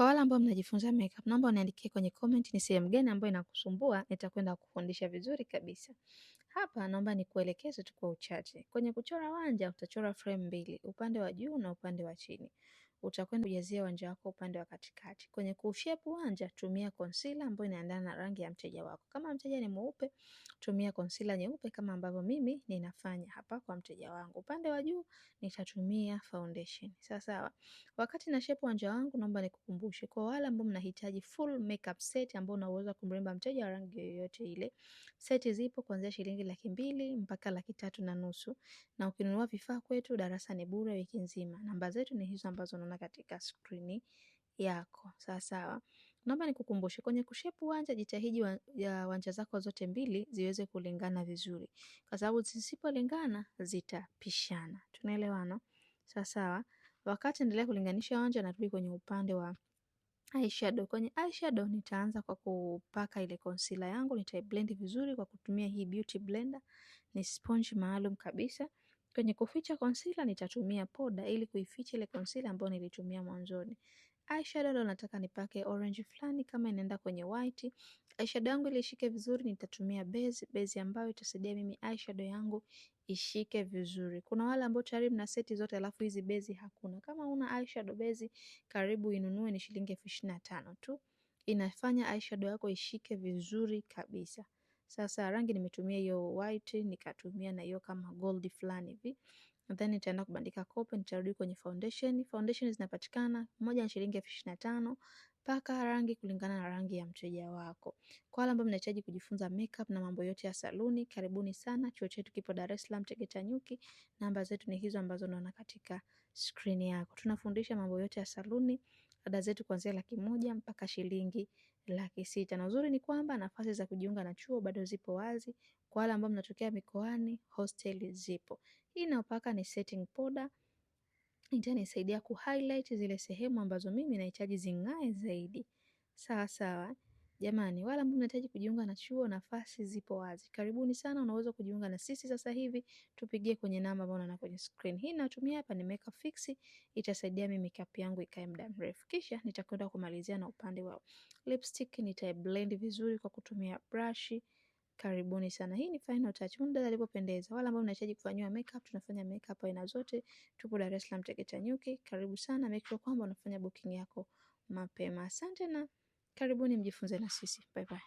Kwa wale ambao mnajifunza makeup, naomba uniandikie kwenye comment ni sehemu gani ambayo inakusumbua, nitakwenda kufundisha vizuri kabisa. Hapa naomba nikuelekeze tu kwa uchache. Kwenye kuchora wanja utachora frame mbili, upande wa juu na upande wa chini utakwenda kujazia wanja wako upande wa katikati. Kwenye kushape wanja tumia concealer ambayo inaendana na rangi ya mteja wako. Kama mteja ni mweupe, tumia concealer nyeupe kama ambavyo mimi ninafanya hapa kwa mteja wangu. Upande wa juu nitatumia foundation. Sawa sawa. Wakati na shape wanja wangu, naomba nikukumbushe kwa wale ambao mnahitaji full makeup set ambao unaweza kumremba mteja wa rangi yoyote ile. Seti zipo kuanzia shilingi laki mbili mpaka laki tatu na nusu na ukinunua vifaa kwetu darasa ni bure wiki nzima. Namba zetu ni hizo ambazo unaona katika skrini yako sawa sawa. Naomba nikukumbushe kwenye kushepu uwanja, jitahidi wanja zako zote mbili ziweze kulingana vizuri, kwa sababu zisipolingana zitapishana. Tunaelewana sawa sawa? Wakati endelea kulinganisha wanja, narudi kwenye upande wa eyeshadow. Kwenye eyeshadow nitaanza kwa kupaka ile concealer yangu, nitaiblend vizuri kwa kutumia hii beauty blender. Ni sponge maalum kabisa Kwenye kuficha concealer nitatumia poda ili kuificha ile concealer ambayo nilitumia mwanzoni. Eyeshadow leo nataka nipake orange fulani kama inaenda kwenye white. Eyeshadow yangu ili ishike vizuri nitatumia base, base ambayo itasaidia mimi eyeshadow yangu ishike vizuri. Kuna wale ambao tayari mna seti zote alafu hizi base hakuna. Kama una eyeshadow base karibu inunue, ni shilingi elfu ishirini na tano tu. Inafanya eyeshadow yako ishike vizuri kabisa. Sasa rangi nimetumia hiyo white, nikatumia na hiyo kama gold fulani hivi. Then nitaenda kubandika kope, nitarudi kwenye foundation. Foundation zinapatikana moja ni shilingi elfu ishirini na tano. Paka rangi kulingana na rangi ya mteja wako. Kwa wale ambao mnahitaji kujifunza makeup na mambo yote ya saluni, karibuni sana. Chuo chetu kipo Dar es Salaam Tegeta Nyuki. Namba zetu ni hizo ambazo unaona katika screen yako. Tunafundisha mambo yote ya saluni. Ada zetu kuanzia laki moja mpaka shilingi laki sita. Na uzuri ni kwamba nafasi za kujiunga na chuo bado zipo wazi kwa wale ambao mnatokea mikoani, hosteli zipo. Hii inayopaka ni setting powder, itanisaidia highlight zile sehemu ambazo mimi nahitaji zing'ae zaidi. Sawa sawa. Jamani, wala ambao mnahitaji kujiunga na chuo, nafasi zipo wazi. Karibuni sana, unaweza kujiunga na sisi sasa hivi. Tupigie kwenye namba ambayo unaona kwenye screen hii natumia hapa, ni Makeup Fix. Itasaidia mimi makeup yangu ikae muda mrefu. Kisha nitakwenda kumalizia na upande wa lipstick, nitaiblend vizuri kwa kutumia brush. Karibuni sana, hii ni final touch, muda alipopendeza. Wala ambao mnahitaji kufanyiwa makeup, tunafanya makeup aina zote. Tupo Dar es Salaam, Tegeta Nyuki. Karibu sana, make sure kwamba unafanya booking yako mapema. Asante na Karibuni mjifunze na sisi. Bye bye.